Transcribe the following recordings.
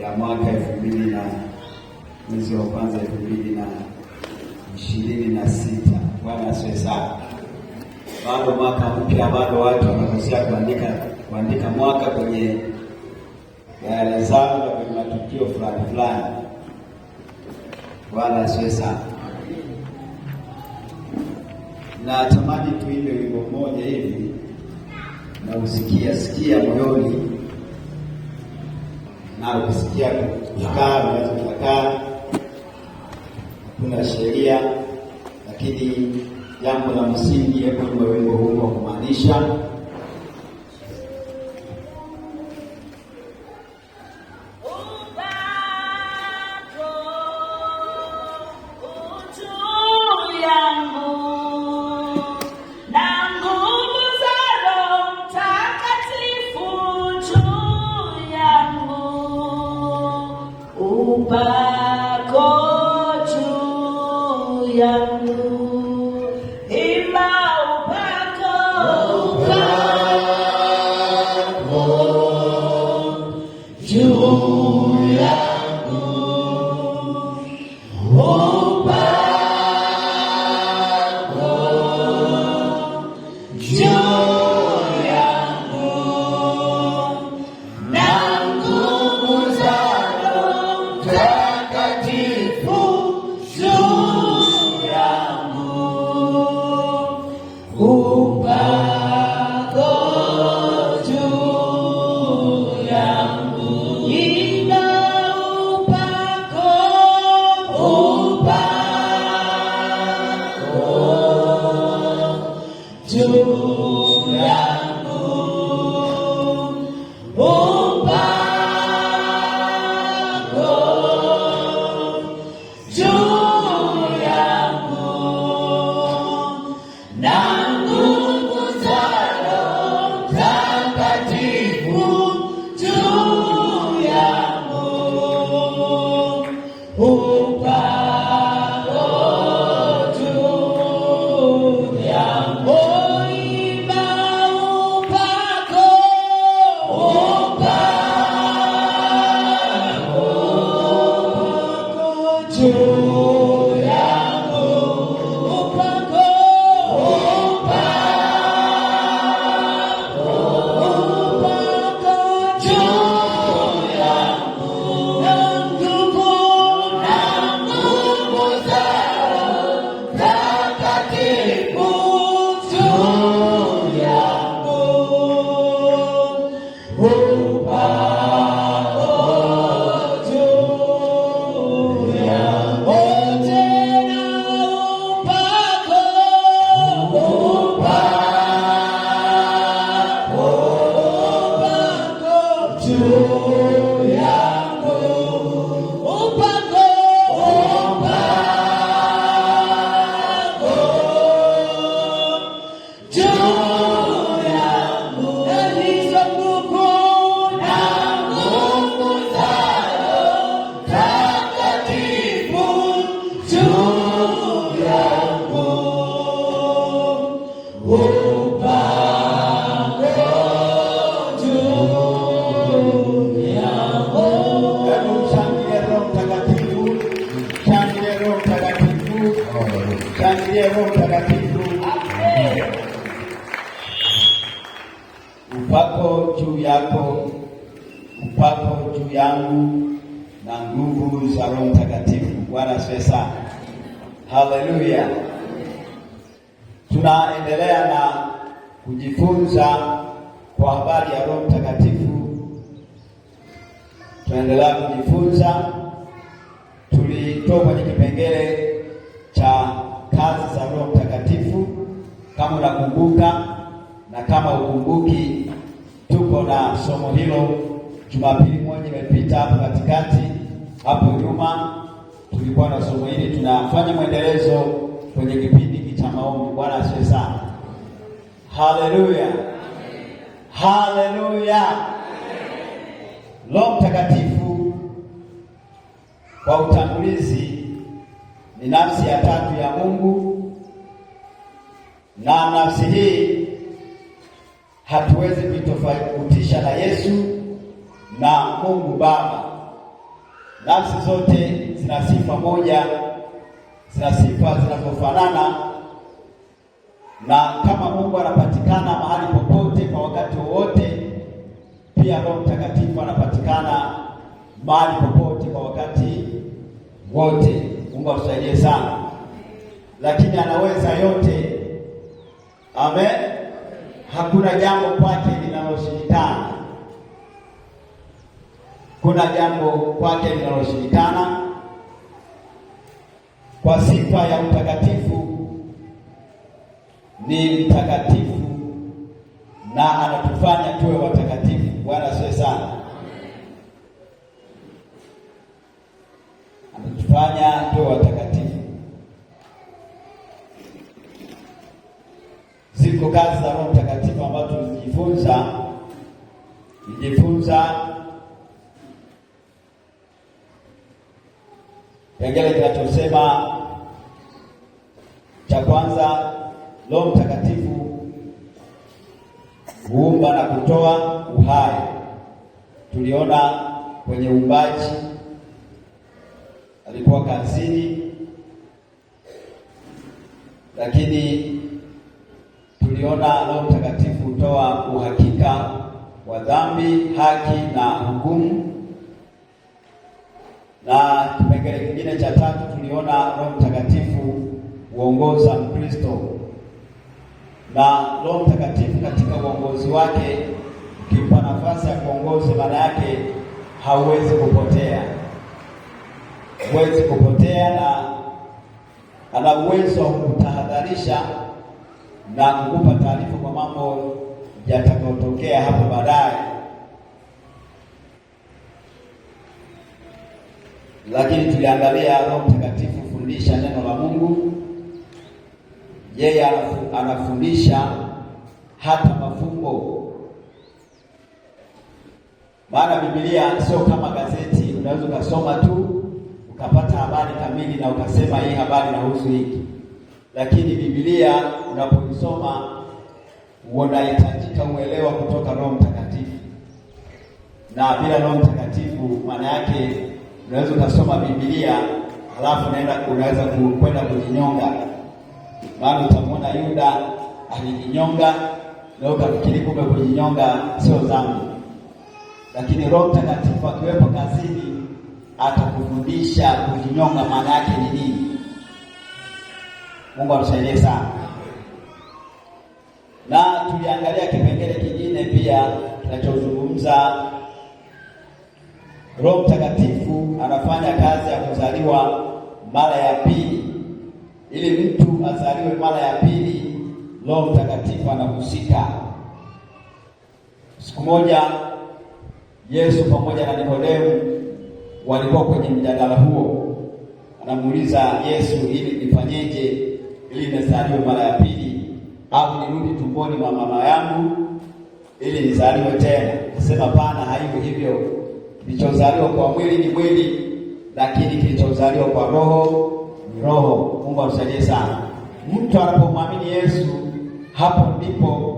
ya mwaka elfu mbili na mwezi wa kwanza elfu mbili na ishirini na sita. Bwana asiwe sana. Bado mwaka mpya, bado watu wanakosea kuandika kuandika mwaka kwenye yale zao na kwenye matukio fulani fulani. Bwana asiwe sana. tamani tuimbe wimbo mmoja hivi na usikia sikia moyoni na ukisikia kukaa unaweza kukaa, kuna sheria lakini jambo la msingi hapo ni wimbo huu wa kumaanisha Jura. 就。juu yako, upako juu yangu na nguvu za Roho Mtakatifu. Bwana asifiwe sana, haleluya. Tunaendelea na kujifunza kwa habari ya Roho Mtakatifu, tunaendelea kujifunza. Tulitoka kwenye kipengele cha kazi za Roho Mtakatifu, kama unakumbuka na kama ukumbuki tuko na somo hilo. Jumapili moja imepita hapo katikati, hapo nyuma tulikuwa na somo hili, tunafanya mwendelezo kwenye kipindi cha maombi. Bwana asifiwe sana, haleluya, haleluya. Roho Mtakatifu kwa utangulizi ni nafsi ya tatu ya Mungu na nafsi hii hatuwezi kuitofautisha na Yesu na Mungu Baba. Nafsi zote zina sifa moja, zina sifa zinazofanana, na kama Mungu anapatikana mahali popote kwa wakati wowote, pia Roho Mtakatifu anapatikana mahali popote kwa wakati wote. Mungu atusaidie sana, lakini anaweza yote. Amen hakuna jambo kwake linaloshindikana, kuna jambo kwake linaloshindikana. Kwa sifa ya mtakatifu, ni mtakatifu na anatufanya tuwe watakatifu. kengele kinachosema cha kwanza, Roho Mtakatifu huumba na kutoa uhai. Tuliona kwenye uumbaji alikuwa kazini, lakini tuliona Roho Mtakatifu hutoa uhakika wa dhambi, haki na hukumu na kipengele kingine cha tatu tuliona Roho Mtakatifu uongoza Mkristo, na Roho Mtakatifu katika uongozi wake, ukimpa nafasi ya kuongoza, maana yake hauwezi kupotea, huwezi kupotea, na ana uwezo wa kutahadharisha na kukupa taarifa kwa mambo yatakayotokea hapo baadaye. lakini tuliangalia Roho Mtakatifu fundisha neno la Mungu. Yeye anafundisha hata mafumbo, maana Biblia sio kama gazeti, unaweza ukasoma tu ukapata habari kamili na ukasema hii habari inahusu hiki, lakini Biblia unapoisoma unahitajika uelewa kutoka Roho Mtakatifu, na bila Roho Mtakatifu maana yake Unaweza utasoma Biblia halafu naenda unaweza kwenda kujinyonga, maana utamwona Yuda alijinyonga na ukafikiri kumbe kujinyonga sio dhambi, lakini Roho Mtakatifu akiwepo kazini atakufundisha kujinyonga maana yake ni nini. Mungu atusaidie sana. Na tuliangalia kipengele kingine pia kinachozungumza Roho Mtakatifu anafanya kazi ya kuzaliwa mara ya pili. Ili mtu azaliwe mara ya pili, Roho Mtakatifu anahusika. Siku moja Yesu pamoja na Nikodemu walikuwa kwenye mjadala huo, anamuuliza Yesu, ili nifanyeje ili nizaliwe mara ya pili, au nirudi tumboni mwa mama yangu ili nizaliwe tena? Akasema, pana, haivyo hivyo Kilichozaliwa kwa mwili ni mwili, lakini kilichozaliwa kwa roho ni roho. Mungu amsaidie sana. Mtu anapomwamini Yesu, hapo ndipo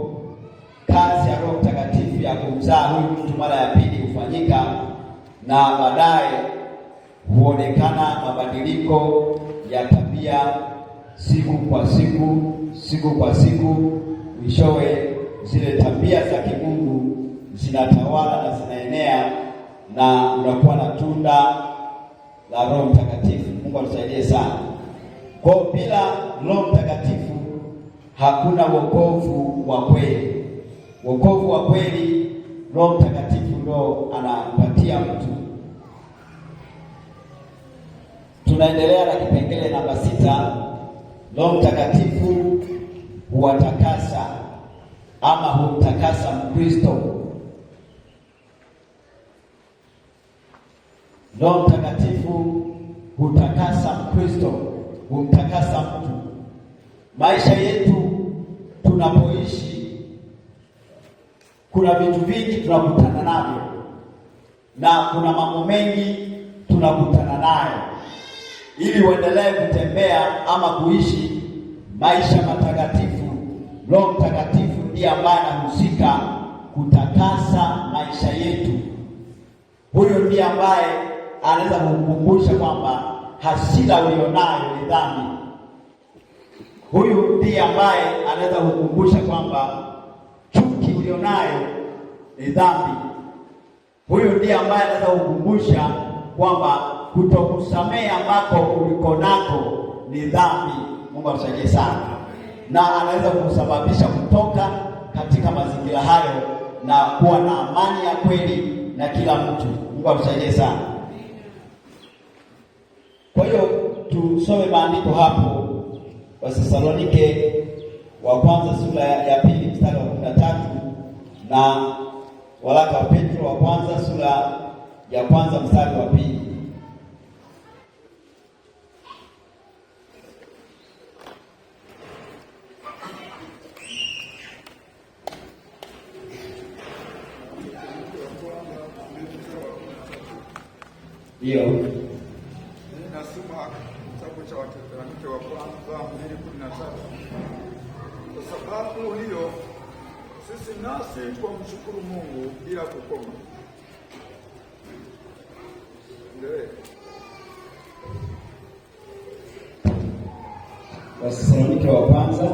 kazi ya Roho Mtakatifu ya kumzaa huyu mtu mara ya pili hufanyika, na baadaye huonekana mabadiliko ya tabia siku kwa siku, siku kwa siku, mwishowe zile tabia za kimungu zinatawala na zinaenea na unakuwa na tunda la Roho Mtakatifu. Mungu atusaidie sana. Kwa bila Roho Mtakatifu hakuna wokovu wa kweli. Wokovu wa kweli Roho Mtakatifu ndo anampatia mtu. Tunaendelea na kipengele namba sita. Roho Mtakatifu huwatakasa ama humtakasa Mkristo Roho Mtakatifu hutakasa Mkristo, humtakasa mtu. Maisha yetu tunapoishi, kuna vitu vingi tunakutana navyo na kuna mambo mengi tunakutana nayo. Ili uendelee kutembea ama kuishi maisha matakatifu, Roho Mtakatifu ndiye ambaye anahusika kutakasa maisha yetu. Huyo ndiye ambaye anaweza kukukumbusha kwamba hasira ulionayo ni dhambi. Huyu ndiye ambaye anaweza kukukumbusha kwamba chuki ulionayo ni dhambi. Huyu ndiye ambaye anaweza kukukumbusha kwamba kutokusamehe ambako uliko nako ni dhambi. Mungu amsaidie sana, na anaweza kusababisha kutoka katika mazingira hayo na kuwa na amani ya kweli na kila mtu. Mungu amsaidie sana. Kwa hiyo tusome maandiko hapo, Wathesalonike wa kwanza sura ya pili mstari wa kumi na tatu na waraka wa Petro wa kwanza sura ya kwanza mstari wa pili. Ndio. sababu hiyo sisi nasi kwa mshukuru Mungu bila kukoma. Wasalonike wa kwanza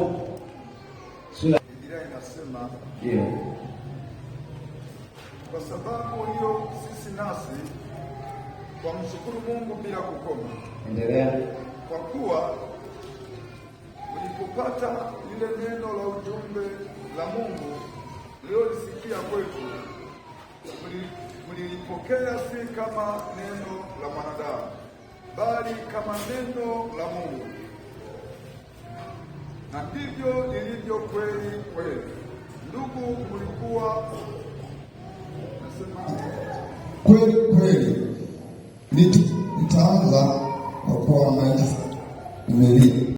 sura Biblia inasema ndio, Kwa sababu hiyo sisi nasi kwa mshukuru Mungu bila kukoma. Endelea. Kwa kuwa ulipopata lile neno la ujumbe la Mungu mlilolisikia kwetu, mlilipokea si kama neno la mwanadamu, bali kama neno la Mungu, na hivyo lilivyo kweli kweli. Ndugu, mlikuwa nasema kweli kweli. Nitaanza kwa kuwa nimelia